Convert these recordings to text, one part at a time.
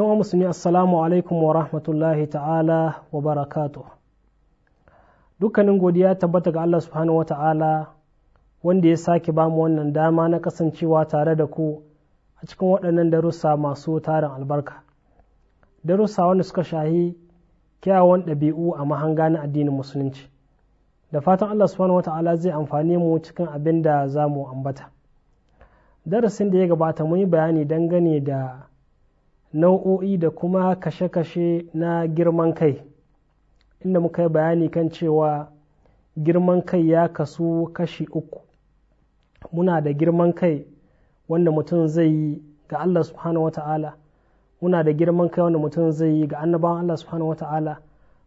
wa musulmi assalamu alaikum wa rahmatullahi ta'ala wa barakatu dukkanin godiya tabbata ga Allah subhanahu wa ta'ala wanda ya sake bamu wannan dama na kasancewa tare da ku a cikin waɗannan darussa masu tarin albarka darussa wanda suka shahi kyawun ɗabi'u a mahanga na addinin musulunci da fatan Allah subhanahu wa ta'ala zai amfani mu cikin abin da za mu ambata darasin da ya gabata mun yi bayani dangane da nau'o'i da kuma kashe-kashe na girman kai inda muka yi bayani kan cewa girman kai ya kasu kashi uku muna da girman kai wanda mutum zai yi ga Allah subhanahu wata'ala muna da girman kai wanda mutum zai yi ga annabawan Allah subhanahu wata'ala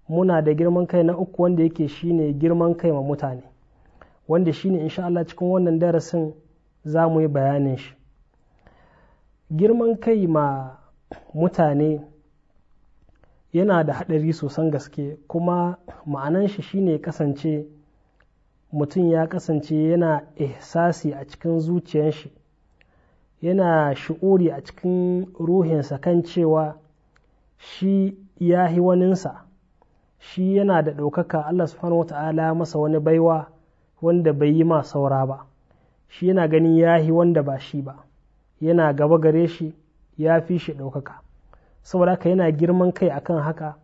muna da girman kai na uku wanda yake shine girman kai ma mutane wanda shine insha Allah cikin wannan darasin za mu yi bayanin shi girman kai ma mutane yana da haɗari sosan gaske kuma ma'anan shi shine kasance mutum ya kasance yana ihsasi a cikin zuciyar shi yana shi'uri a cikin ruhinsa kan cewa shi ya hi waninsa shi yana da ɗaukaka Allah subhanahu wata'ala masa wani baiwa wanda bai yi ma saura ba shi yana ganin ya hi wanda ba shi ba yana gaba gare shi ya fi shi ɗaukaka saboda haka yana girman kai akan haka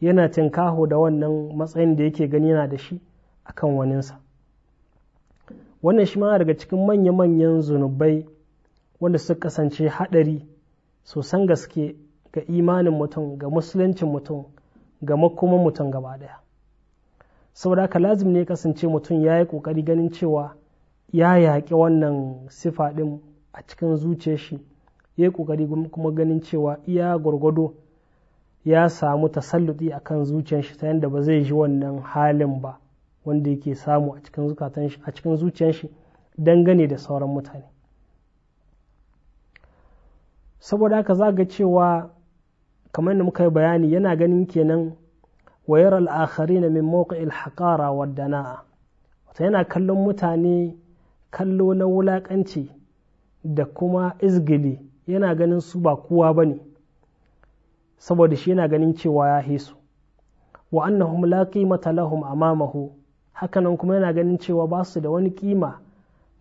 yana tinkaho da wannan matsayin da yake gani yana da shi akan waninsa wannan shi ma daga cikin manya-manyan zunubai wanda suka kasance haɗari sosan gaske ga imanin mutum ga musuluncin mutum ga makoman mutum gaba ɗaya saboda haka lazim ne kasance mutum ya yi ƙoƙari ganin cewa ya yaƙi wannan sifa ɗin a cikin zuciyar shi ya yi ƙoƙari kuma ganin cewa iya gwargwado ya samu tasalluɗi a kan zuciyar shi ta yadda ba zai ji wannan halin ba wanda yake samu a cikin zuciyar shi dangane da sauran mutane saboda haka za ga cewa kamar da muka yi bayani yana ganin kenan wayar al'akari na min mawqa'il haƙara wa dana'a wata yana kallon mutane kallo na wulaƙanci da kuma izgili yana ganin su ba kowa ba ne saboda shi yana ganin cewa ya hesu wa annahum la qimata lahum amamahu hakanan kuma yana ganin cewa ba su da wani kima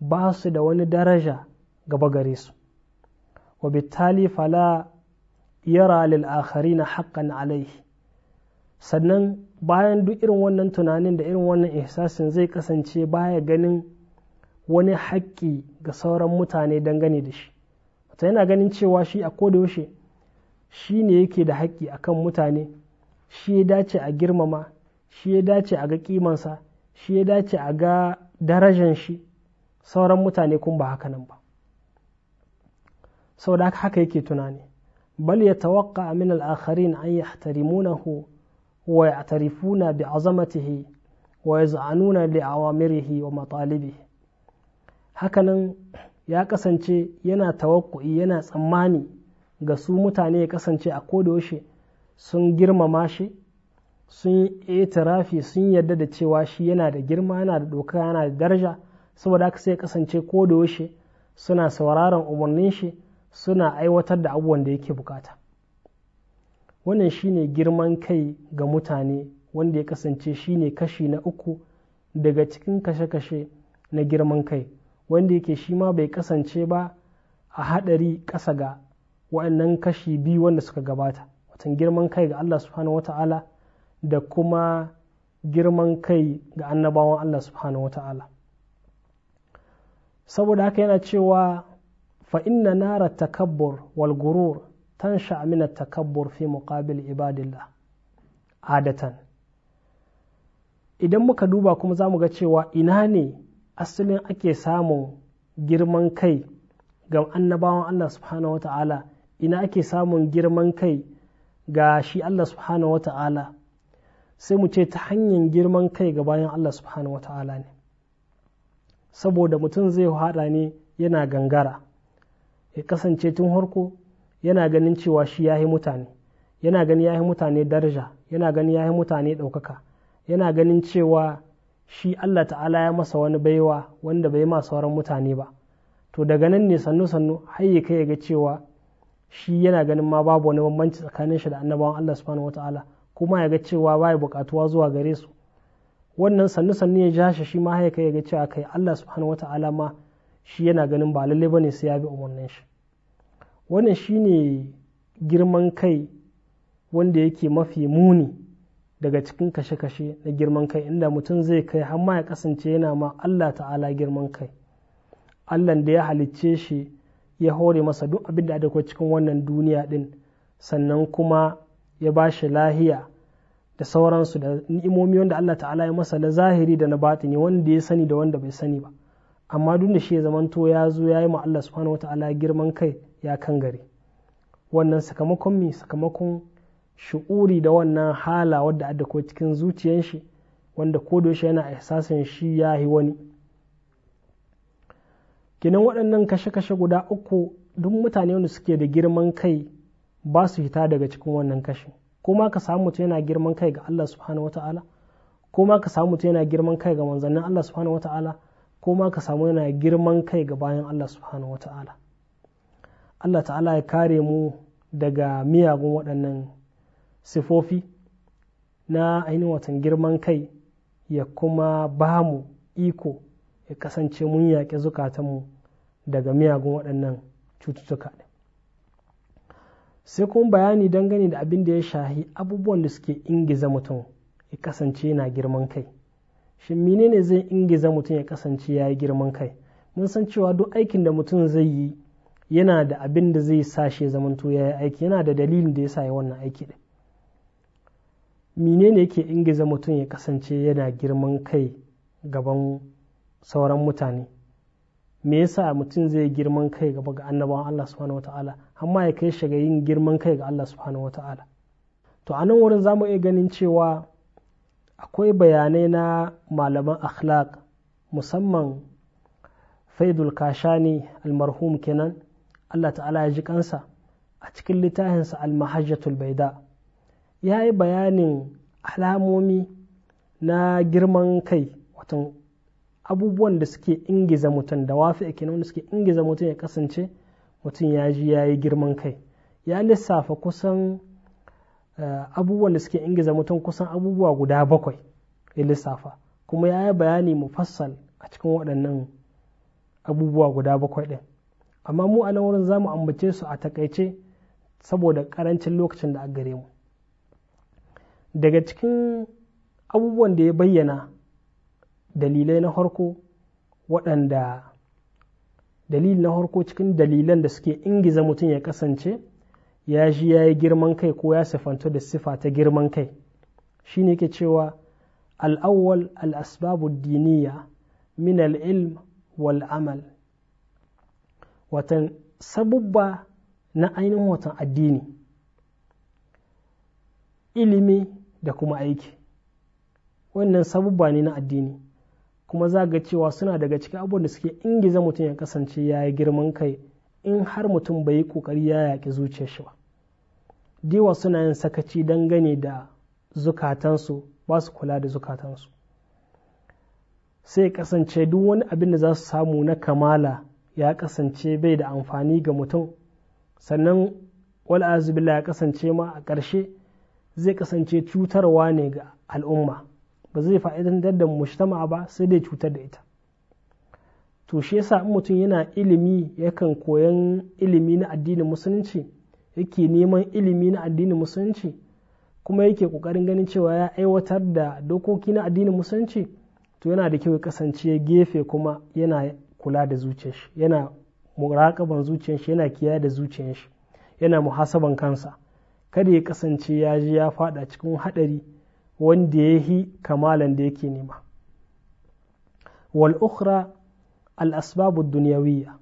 ba su da wani daraja gaba gare su wa Bitali fala yara lil akharina haqqan alaihi sannan bayan duk irin wannan tunanin da irin wannan ihsasin zai kasance baya ganin wani haƙƙi ga sauran mutane dangane da shi ta yana ganin cewa shi a koda yaushe shi ne yake da haƙƙi a kan mutane shi ya dace a girmama shi ya dace a ga ƙimansa shi ya dace a ga darajan shi sauran mutane kun ba haka nan ba saboda haka yake tunani bal ya tawakka min al-akharin an hu wa ya'tarifuna bi azamatihi wa yaz'anuna li awamirihi wa matalibi hakanan ya kasance yana tawakku'i yana tsammani ga su mutane ya kasance a kodayaushe sun girmama shi sun yi itirafi sun yarda da cewa shi yana da girma yana da doka yana da daraja saboda haka sai ya kasance yaushe suna sauraron umarnin shi suna aiwatar da abubuwan da yake bukata wannan shine girman kai ga mutane wanda ya kasance shine kashi na uku daga cikin kashe-kashe na girman kai wanda yake shi ma bai kasance ba a haɗari ƙasa ga waɗannan kashi biyu wanda suka gabata watan girman kai ga Allah subhanahu wata'ala da kuma girman kai ga annabawan Allah subhanahu wata'ala saboda haka yana cewa fa inna nara takabbur wal gurur tansha min takabbur fi muqabil ibadillah adatan idan muka duba kuma zamu ga cewa ina ne asalin ake samun girman kai ga annabawan Allah subhanahu wa ta'ala ina ake samun girman kai ga shi Allah subhanahu wa ta'ala sai mu ce ta hanyar girman kai ga bayan Allah subhanahu wa ta'ala ne saboda mutum zai haɗa ne yana gangara ya kasance tun harko yana ganin cewa shi ya mutane yana gani ya mutane daraja yana gani ya mutane ɗaukaka yana ganin cewa shi Allah ta'ala ya masa wani baiwa wanda bai ma sauran mutane ba to daga nan ne sannu sannu har ya kai ga cewa shi yana ganin ma babu wani bambanci tsakanin shi da annabawan Allah subhanahu wataala kuma ya ga cewa ya bukatuwa zuwa gare su wannan sannu sannu ya ja shi shi ma ya kai ga cewa kai Allah subhanahu wataala ma shi yana ganin ba lalle bane sai ya bi umarnin shi wannan shine girman kai wanda yake mafi muni daga cikin kashe-kashe na girman kai inda mutum zai kai har ma ya kasance yana ma Allah ta'ala girman kai Allah da ya halicce shi ya hore masa duk abin da adakwai cikin wannan duniya din sannan kuma ya ba shi lahiya da sauransu da ni'imomi wanda Allah ta'ala ya masa na zahiri da na batini wanda ya sani da wanda bai sani ba amma duk da shi ya zamanto ya zo ya yi ma Allah subhanahu wata'ala girman kai ya kan gari wannan sakamakon mi sakamakon shu'uri da wannan hala wadda adda ko cikin zuciyan shi wanda ko da yana ihsasin shi ya yi wani kinan waɗannan kashe-kashe guda uku duk mutane wanda suke da girman kai ba su hita daga cikin wannan kashe kuma ka samu mutum yana girman kai ga Allah subhanahu wata'ala kuma ka samu mutum yana girman kai ga manzannin Allah subhanahu wata'ala kuma ka samu yana girman kai ga bayan Allah subhanahu wata'ala Allah ta'ala ya kare mu daga miyagun waɗannan sifofi na ainihin watan girman kai ya kuma ba mu iko ya kasance mun yaƙi zukatanmu daga miyagun waɗannan cututtuka sai kuma bayani don dangane da abin da ya shahi abubuwan da suke ingiza mutum ya kasance na girman kai shin menene zai ingiza mutum ya kasance ya yi girman kai mun san cewa duk aikin da mutum zai yi yana da abin da zai sashe zamanto ya yi aiki yana da dalilin da ya sa ya wannan aiki ɗin menene yake ingiza mutum ya kasance yana girman kai gaban sauran mutane me yasa mutum zai girman kai gaba ga annabawan Allah subhanahu wata'ala amma ya kai shiga yin girman kai ga Allah subhanahu wata'ala to a nan wurin zamu iya ganin cewa akwai bayanai na malaman akhlaq musamman faidul kashani almarhum kenan Allah ta'ala ya ji kansa a cikin littafinsa almahajjatul baida ya yi bayanin alamomi na girman kai watan abubuwan da suke ingiza mutum da wafi kenan wanda suke ingiza mutum ya kasance mutum ya ji ya yi girman kai ya lissafa kusan eh, abubuwan da suke ingiza mutum kusan abubuwa guda bakwai ya lissafa kuma ya yi bayani mufassal a cikin waɗannan abubuwa guda bakwai ɗin amma mu a nan wurin za mu ambace su a takaice saboda ƙarancin lokacin da a gare mu daga cikin abubuwan da ya bayyana dalilai na harko waɗanda dalil na harko cikin dalilan da suke ingiza mutum ya kasance ya ji ya yi girman kai ko ya sifanto da sifa ta girman kai shi ne ke cewa al'awwal al'asbabu diniya min al'ilm wal amal watan sabubba na ainihin watan addini ilimi da kuma aiki wannan sabubba ne na addini kuma za ga cewa suna daga cikin abubuwan da suke ingiza mutum ya kasance ya yi girman kai in har mutum bai yi kokari ya yaƙi zuciyar shi ba diwa suna yin sakaci dangane da zukatansu ba su kula da zukatansu sai kasance duk wani abin da za su samu na kamala ya kasance bai da amfani ga mutum sannan wal'azubila ya kasance ma a ƙarshe zai kasance cutarwa ne ga al'umma ba zai fa'idantar da mujtama ba sai dai cutar da ita to shi yasa in mutum yana ilimi yakan koyan ilimi na addinin musulunci yake neman ilimi na addinin musulunci kuma yake kokarin ganin cewa ya aiwatar da dokoki na addinin musulunci to yana da kyau ya kasance gefe kuma yana kula da zuciyar shi yana muraƙaban zuciyar shi yana kiyaye da zuciyar shi yana muhasaban kansa kada ya kasance ya ji ya fada cikin haɗari wanda ya yi kamalan da yake nema wal ukhra al asbabu duniyawiyya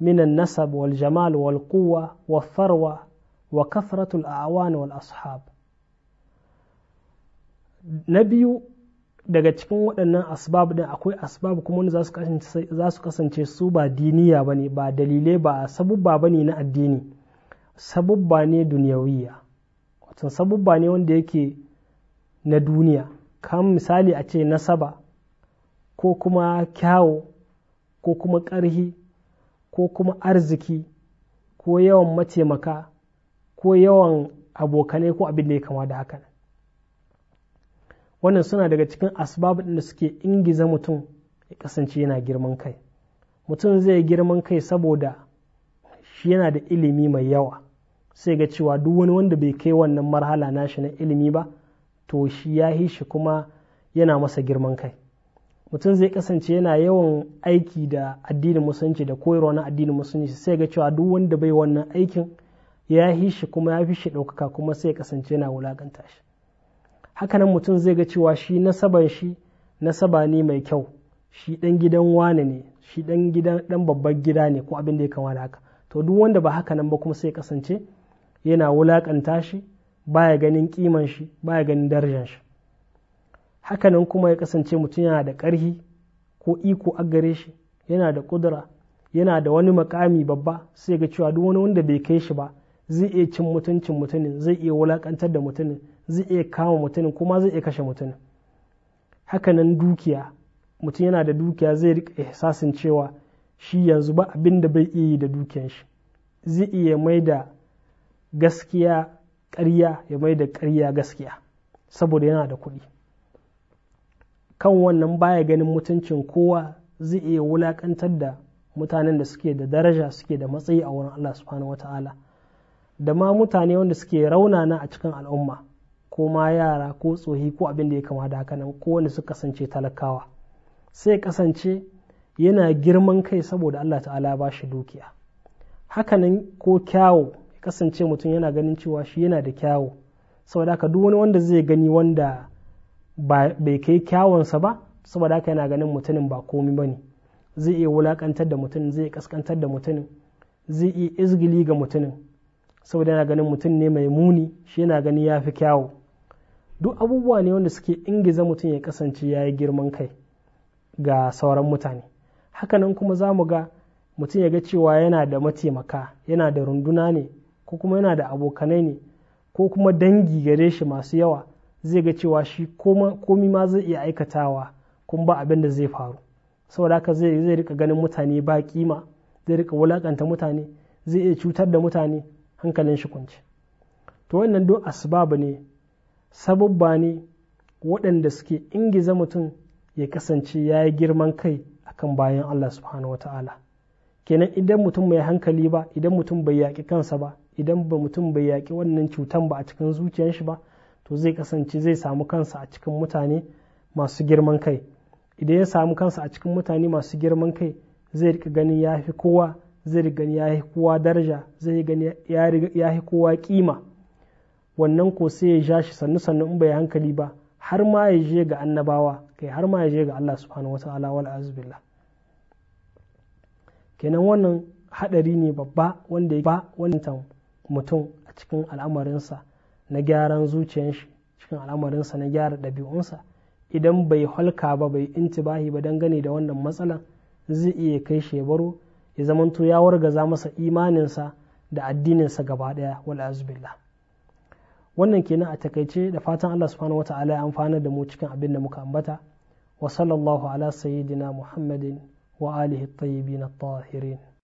من النسب Wa والقوة والثروة وكثرة الأعوان Na biyu daga cikin waɗannan asbab ɗin akwai asbab kuma wanda za su kasance su ba diniya ba ne ba dalilai ba sabubba ba ne na addini sabubba ne duniyawiya wato sabubba ne wanda yake na duniya kam misali a ce nasaba ko kuma kyawo ko kuma ƙarhi ko kuma arziki ko yawan mataimaka ko yawan abokanai ko abin da ya kama da haka wannan suna daga cikin asbab da suke ingiza mutum ya kasance yana girman kai mutum zai girman kai saboda shi yana da ilimi mai yawa sai ga cewa duk wani wanda bai kai wannan marhala na shi na ilimi ba to shi ya yi shi kuma yana masa girman kai mutum zai kasance yana yawan aiki da addinin musulunci da koyarwa na addinin musulunci sai ga cewa duk wanda bai wannan aikin ya yi shi kuma ya fi shi ɗaukaka kuma sai ya kasance yana wulakanta shi hakanan mutum zai ga cewa shi nasaban shi nasaba ne mai kyau shi ɗan gidan wane ne shi ɗan gidan ɗan babban gida ne ko abin da ya kama haka to duk wanda ba haka nan ba kuma sai kasance yana wulakanta shi baya ganin kiman shi baya ganin darajar shi haka nan kuma ya kasance mutum yana da ƙarhi ko iko a gare shi yana da ƙudura yana da wani makami babba sai ga cewa duk wani wanda bai kai shi ba zai iya cin mutuncin mutumin zai iya wulakantar da mutumin zai iya kama mutumin kuma zai iya kashe mutumin hakanan dukiya mutum yana da dukiya zai rika ihsasin cewa shi yanzu ba abin da bai iya yi da dukiyan shi zai iya mai da gaskiya karya ya mai da ƙarya gaskiya saboda yana da kuɗi kan wannan baya ganin mutuncin kowa zai iya wulaƙantar da mutanen da suke da daraja suke da matsayi a wurin Allah subhanahu wata'ala da ma mutane wanda suke raunana a cikin al'umma ko ma yara ko tsohi ko abin da ya kama da haka nan ko wanda suka kasance talakawa sai kasance yana girman kai saboda Allah ta'ala ba shi dukiya hakanan ko kyawo ya kasance mutum yana ganin cewa shi yana da kyawo saboda haka duk wani wanda zai gani wanda bai kai kyawunsa ba saboda haka yana ganin mutumin ba komi ba ne zai iya wulakantar da mutumin zai kaskantar da mutumin zai iya izgili ga mutumin saboda yana ganin mutum ne mai muni shi yana gani ya fi kyawu duk abubuwa ne wanda suke ingiza mutum ya kasance ya yi girman kai ga sauran mutane hakanan kuma za mu ga mutum ya ga cewa yana da mataimaka yana da runduna ne ko kuma yana da abokanai ne ko kuma dangi gare shi masu yawa zai ga cewa shi komi ma zai iya aikatawa kun ba abin da zai faru saboda haka zai zai rika ganin mutane ba kima zai rika wulakanta mutane zai iya cutar da mutane hankalin shi kunci to wannan duk asbab ne sababba ne waɗanda suke ingiza mutum ya kasance ya yi girman kai akan bayan Allah subhanahu wa ta'ala kenan idan mutum bai hankali ba idan mutum bai yaƙi kansa ba idan ba mutum bai yaƙi wannan cutan ba a cikin zuciyar shi ba to zai kasance zai samu kansa a cikin mutane masu girman kai idan ya samu kansa a cikin mutane masu girman kai zai rika ganin ya fi kowa zai rika ganin ya fi kowa daraja zai gani ya fi kowa kima wannan ko sai ya ja shi sannu sannu in bai hankali ba har ma ya je ga annabawa kai har ma ya je ga Allah subhanahu wa ta'ala wal azbillah kenan wannan hadari ne babba wanda ba wannan mutum a cikin al'amarinsa na gyaran zuciyar shi cikin al'amarinsa na gyara ɗabi'unsa idan bai halka ba bai intibahi ba dangane da wannan matsalan zai iya kai shi ya baro ya zamanto ya wargaza masa imaninsa da addininsa gaba ɗaya wal azbillah wannan kenan a takaice da fatan Allah subhanahu wata'ala ya amfana da mu cikin abin da muka ambata wa sallallahu ala sayyidina muhammadin wa alihi at-tayyibin at-tahirin